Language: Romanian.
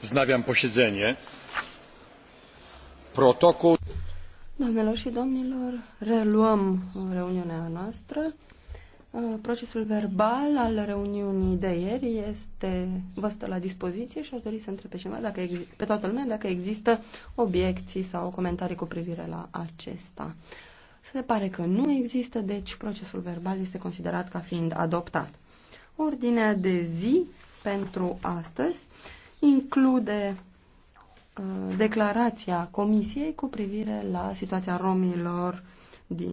Wznawiam posiedzenie. Protokół. Doamnelor și domnilor, reluăm reuniunea noastră. Procesul verbal al reuniunii de ieri este vă stă la dispoziție și aș dori să întreb pe, cineva dacă pe toată lumea dacă există obiecții sau comentarii cu privire la acesta. Se pare că nu există, deci procesul verbal este considerat ca fiind adoptat. Ordinea de zi pentru astăzi include uh, declarația Comisiei cu privire la situația romilor